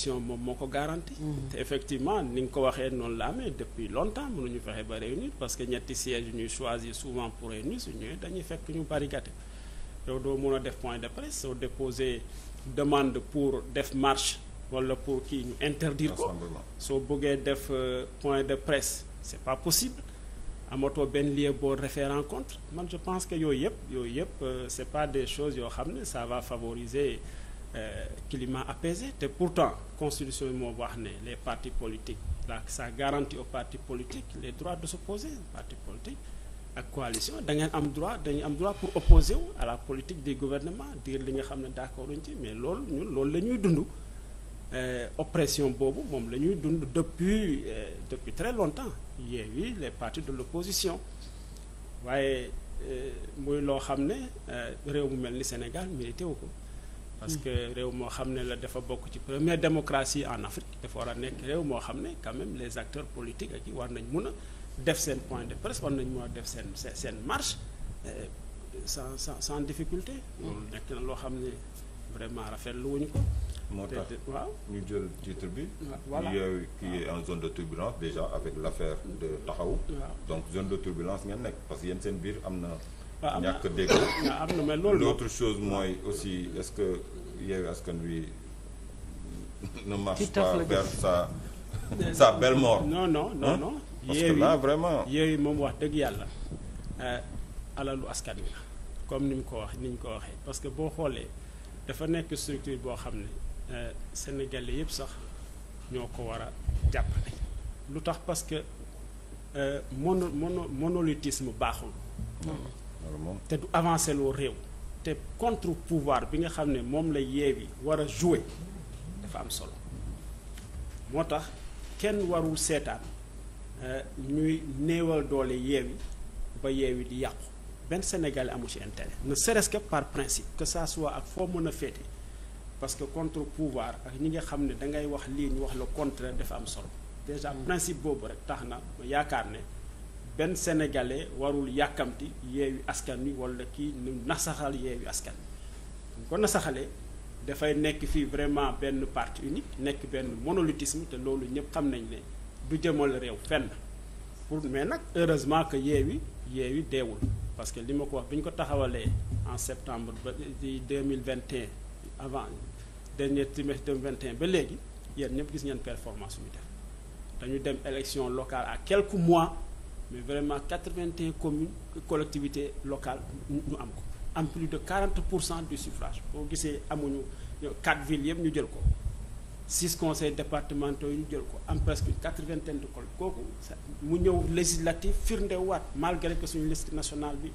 constitution moom moo ko garanti mm-hmm. te effectivement ni nga ko waxee noonu la amee depuis longtemps mënuñu fexe ba réunir parce que ñetti sièges yu ñuy choisir souvent pour réunir su ñëwee dañuy fekk ñu barricade yow doo mën a def point de presse soo déposer demande pour def marche wala pour kii ñu interdire ko soo bëggee def euh, point de presse c'est pas possible amatoo benn lieu boo refee contre man je pense que yooyu yëpp yooyu yëpp euh, c'est pas des choses yoo ne ça va favoriser Euh, climat apaisé te pourtant constitution bi moo wax ne les parti politiques la ça garanti aux partis politiques les droits de s'opposer parti politique ak coalition da ngeen am droit dañu am droit pour opposer wu à la politique du gouvernement dire li nga xam ne d'accord uñ ci mais loolu ñun loolu lañuy ñuy dund euh, oppression boobu moom la ñuy dund depuis euh, depuis très longtemps Yewwi les parti de l'opposition waaye muy loo xam ne réew mu mel ni Sénégal mérité wu ko parce que réew moo xam ne la dafa bokk ci première démocratie en Afrique dafa war a nekk réew moo xam ne quand même les acteurs politiques ak yi war nañ mun a def seen point de presse war nañ mun a def seen seen marche euh, sans sans sans difficulté. loolu nekk na loo xam ne vraiment rafetlu wuñu ko. moo tax waaw ñu jël titre bi. Ah, voilà yooyu qui est en zone de turbulence déjà avec l'affaire de Taxawu. donc zone de turbulence ngeen nekk parce que yéen seen biir am na. ñàkk dégg am na mais loolu l'autre chose mooy aussi est-ce que Askan Wi ne marche pas vers sa belle mort non non non non parce que là vraiment Yewwi moom wax dëgg yàlla euh, alalu askan wi la comme ni mu ko waxee ni ñu ko waxee parce que boo xoolee dafa nekk structure boo xam ne euh, sénégalais yëpp sax ñoo ko war a jàppale lu tax parce que euh, mono mono monolithisme baaxul te du avancé loo réew te contre pouvoir bi nga xam ne moom la Yewwi war a jouer dafa am solo moo tax kenn warul seetaan euh, ñuy néewal doole Yewwi ba Yewwi di yàqu benn Sénégalais amu ci intérêt ne serait-ce que par principe que ça soit ak foo mën a féete parce que contre pouvoir ak ñi nga xam ne da ngay wax lii ñu wax la contraire dafa am solo déjà hmm. principe boobu rek tax na yaakaar ne benn sénégalais warul yàkkamti yeewi askan wi wala kii nasaxal yeewi askan wi ko nasaxalee dafay nekk fii vraiment benn parti unique nekk benn monolithisme te loolu ñëpp xam nañ ne du jëmal réew fenn pour mais nag heureusement que yeewi yeewi deewul parce que li ma ko wax bi ñu ko taxawalee en septembre ba di 2021 avant dernier vingt 2021 ba léegi yéen ñëpp gis ngeen performance yu ñu def dañu dem élection locale à quelques mois mais vraiment quatre-vingt-un commune collectivités locale ñu am ko en plus de quarante pour cent du suffrage boo gisee amuñu quatre villes yëpp ñu jël ko six conseils départementaux yi ñu jël ko am presque une quatre-vingtaine de collègues kooku mu ñëw législatif firnde waat malgré ko suñu liste nationale bi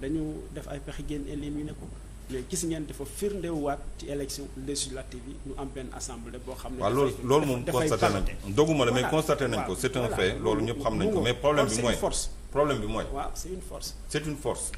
dañu def ay pexe génn éliminer ko mais gis ngeen dafa firndewaat ci élection législative yi ñu am benn assemblée boo xam ne. waaw loolu loolu moom constaté nañ doguma la mais constaté nañ ko c'est un fait loolu ñëpp xam nañ ko mais problème bi mooy. force problème bi mooy. waaw une force.